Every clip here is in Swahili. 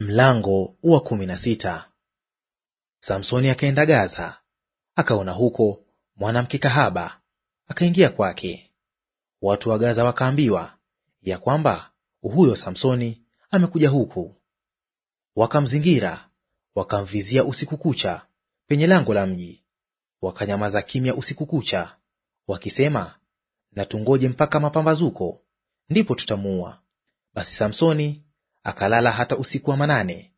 Mlango wa kumi na sita. Samsoni akaenda Gaza, akaona huko mwanamke kahaba, akaingia kwake. Watu wa Gaza wakaambiwa ya kwamba huyo Samsoni amekuja huku. Wakamzingira, wakamvizia usiku kucha penye lango la mji, wakanyamaza kimya usiku kucha, wakisema, na tungoje mpaka mapambazuko, ndipo tutamuua. Basi Samsoni akalala hata usiku wa manane.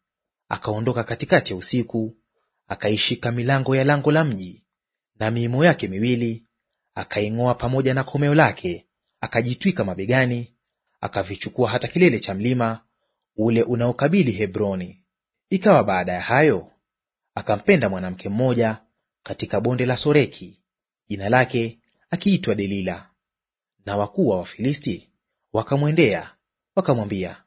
Akaondoka katikati ya usiku, akaishika milango ya lango la mji na miimo yake miwili, akaing'oa pamoja na komeo lake, akajitwika mabegani, akavichukua hata kilele cha mlima ule unaokabili Hebroni. Ikawa baada ya hayo, akampenda mwanamke mmoja katika bonde la Soreki, jina lake akiitwa Delila. Na wakuu wa Wafilisti wakamwendea wakamwambia,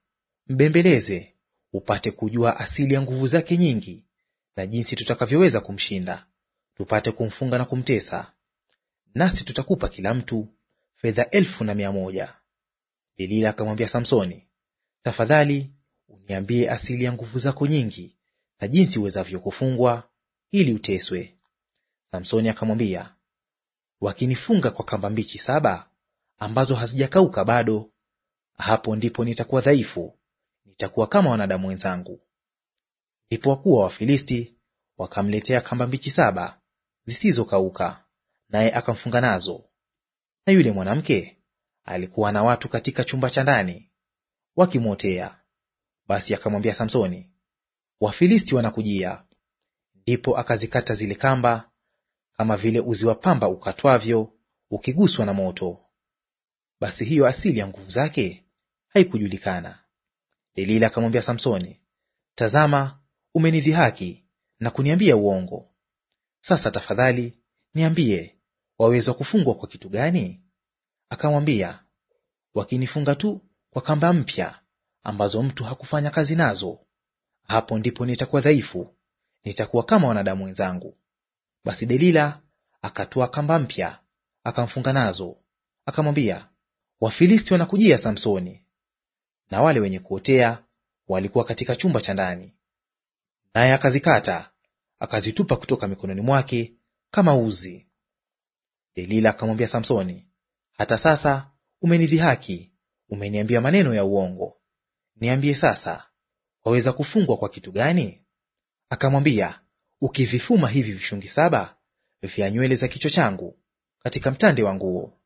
mbembeleze upate kujua asili ya nguvu zake nyingi, na jinsi tutakavyoweza kumshinda, tupate kumfunga na kumtesa. Nasi tutakupa kila mtu fedha elfu na mia moja. Delila akamwambia Samsoni, tafadhali uniambie asili ya nguvu zako nyingi na jinsi uwezavyo kufungwa ili uteswe. Samsoni akamwambia, wakinifunga kwa kamba mbichi saba ambazo hazijakauka bado, hapo ndipo nitakuwa dhaifu cha kuwa kama wanadamu wenzangu. Ndipo wakuu wa Wafilisti wakamletea kamba mbichi saba zisizokauka, naye akamfunga nazo. Na yule mwanamke alikuwa na watu katika chumba cha ndani wakimwotea. Basi akamwambia Samsoni, Wafilisti wanakujia. Ndipo akazikata zile kamba kama vile uzi wa pamba ukatwavyo ukiguswa na moto. Basi hiyo asili ya nguvu zake haikujulikana. Delila akamwambia Samsoni, tazama, umenidhihaki na kuniambia uongo. Sasa tafadhali niambie, waweza kufungwa kwa kitu gani? Akamwambia, wakinifunga tu kwa kamba mpya ambazo mtu hakufanya kazi nazo, hapo ndipo nitakuwa dhaifu, nitakuwa kama wanadamu wenzangu. Basi Delila akatoa kamba mpya akamfunga nazo, akamwambia, Wafilisti wanakujia, Samsoni na wale wenye kuotea walikuwa katika chumba cha ndani. Naye akazikata akazitupa kutoka mikononi mwake kama uzi. Delila akamwambia Samsoni, hata sasa umenidhihaki, umeniambia maneno ya uongo. Niambie sasa, waweza kufungwa kwa kitu gani? Akamwambia, ukivifuma hivi vishungi saba vya nywele za kichwa changu katika mtande wa nguo.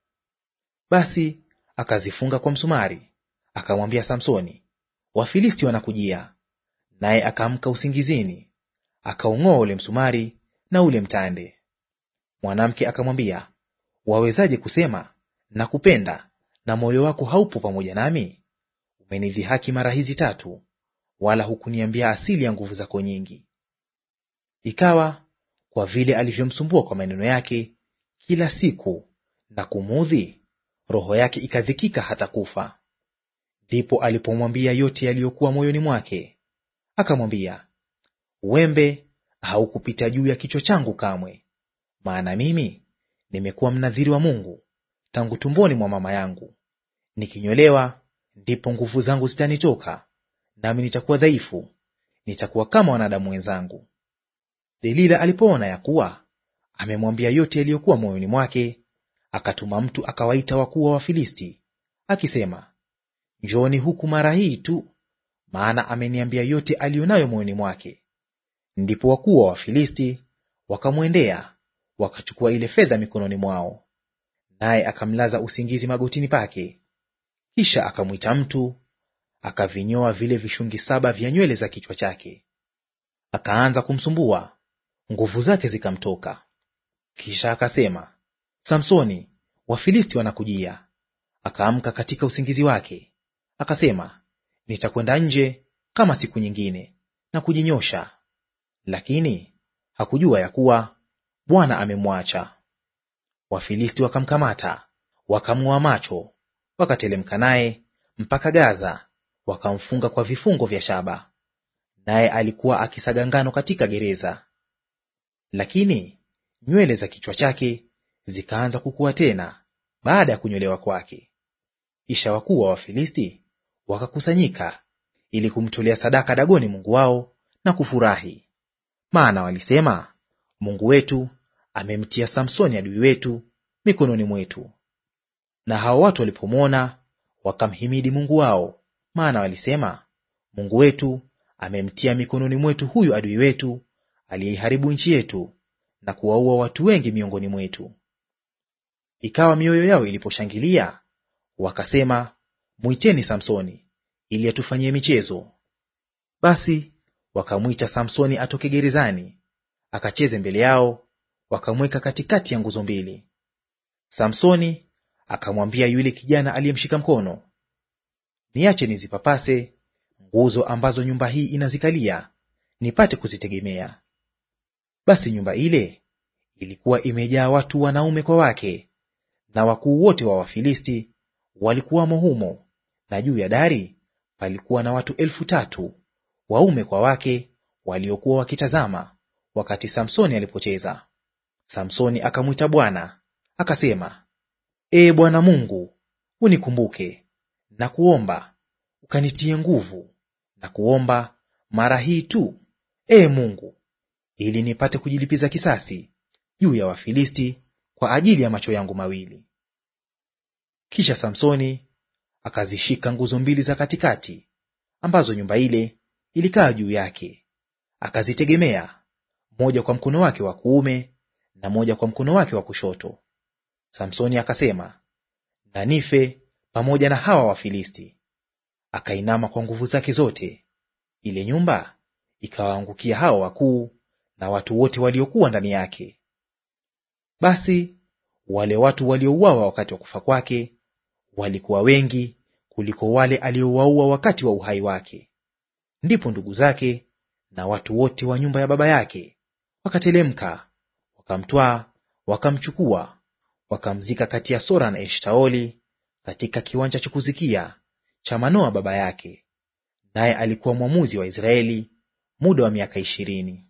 Basi akazifunga kwa msumari akamwambia Samsoni, Wafilisti wanakujia. Naye akaamka usingizini, akaung'oa ule msumari na ule mtande. Mwanamke akamwambia, wawezaje kusema na kupenda na moyo wako haupo pamoja nami? Umenidhihaki mara hizi tatu, wala hukuniambia asili ya nguvu zako nyingi. Ikawa kwa vile alivyomsumbua kwa maneno yake kila siku na kumudhi roho yake ikadhikika hata kufa. Ndipo alipomwambia yote yaliyokuwa moyoni mwake. Akamwambia, wembe haukupita juu ya kichwa changu kamwe, maana mimi nimekuwa mnadhiri wa Mungu tangu tumboni mwa mama yangu. Nikinyolewa ndipo nguvu zangu zitanitoka, nami nitakuwa dhaifu, nitakuwa kama wanadamu wenzangu. Delila alipoona ya kuwa amemwambia yote yaliyokuwa moyoni mwake, akatuma mtu akawaita wakuu wa Wafilisti akisema, Njooni huku mara hii tu, maana ameniambia yote aliyo nayo moyoni mwake. Ndipo wakuu wa Wafilisti wakamwendea wakachukua ile fedha mikononi mwao, naye akamlaza usingizi magotini pake. Kisha akamwita mtu akavinyoa vile vishungi saba vya nywele za kichwa chake, akaanza kumsumbua, nguvu zake zikamtoka. Kisha akasema, Samsoni, Wafilisti wanakujia. Akaamka katika usingizi wake, Akasema, nitakwenda nje kama siku nyingine na kujinyosha. Lakini hakujua ya kuwa Bwana amemwacha. Wafilisti wakamkamata, wakamua macho, wakatelemka naye mpaka Gaza, wakamfunga kwa vifungo vya shaba, naye alikuwa akisaga ngano katika gereza. Lakini nywele za kichwa chake zikaanza kukua tena baada ya kunyolewa kwake. Kisha wakuu wa Wafilisti wakakusanyika ili kumtolea sadaka Dagoni mungu wao na kufurahi. Maana walisema, Mungu wetu amemtia Samsoni adui wetu mikononi mwetu. Na hao watu walipomwona wakamhimidi Mungu wao, maana walisema, Mungu wetu amemtia mikononi mwetu huyu adui wetu aliyeiharibu nchi yetu na kuwaua watu wengi miongoni mwetu. Ikawa mioyo yao iliposhangilia, wakasema mwiteni Samsoni ili atufanyie michezo. Basi wakamwita Samsoni atoke gerezani, akacheze mbele yao, wakamweka katikati ya nguzo mbili. Samsoni akamwambia yule kijana aliyemshika mkono, niache nizipapase nguzo ambazo nyumba hii inazikalia, nipate kuzitegemea. Basi nyumba ile ilikuwa imejaa watu wanaume kwa wake, na wakuu wote wa Wafilisti walikuwamo humo, na juu ya dari palikuwa na watu elfu tatu waume kwa wake waliokuwa wakitazama wakati Samsoni alipocheza. Samsoni akamwita Bwana akasema, Ee Bwana Mungu, unikumbuke na kuomba ukanitie nguvu na kuomba mara hii tu, Ee Mungu, ili nipate kujilipiza kisasi juu ya Wafilisti kwa ajili ya macho yangu mawili. Kisha Samsoni akazishika nguzo mbili za katikati ambazo nyumba ile ilikaa juu yake, akazitegemea moja kwa mkono wake wa kuume na moja kwa mkono wake wa kushoto. Samsoni akasema, na nife pamoja na hawa Wafilisti. Akainama kwa nguvu zake zote, ile nyumba ikawaangukia hawa wakuu na watu wote waliokuwa ndani yake. Basi wale watu waliouawa wakati wa kufa kwake walikuwa wengi kuliko wale aliowaua wakati wa uhai wake. Ndipo ndugu zake na watu wote wa nyumba ya baba yake wakatelemka, wakamtwaa, wakamchukua, wakamzika kati ya Sora na Eshtaoli, katika kiwanja cha kuzikia cha Manoa baba yake, naye alikuwa mwamuzi wa Israeli muda wa miaka ishirini.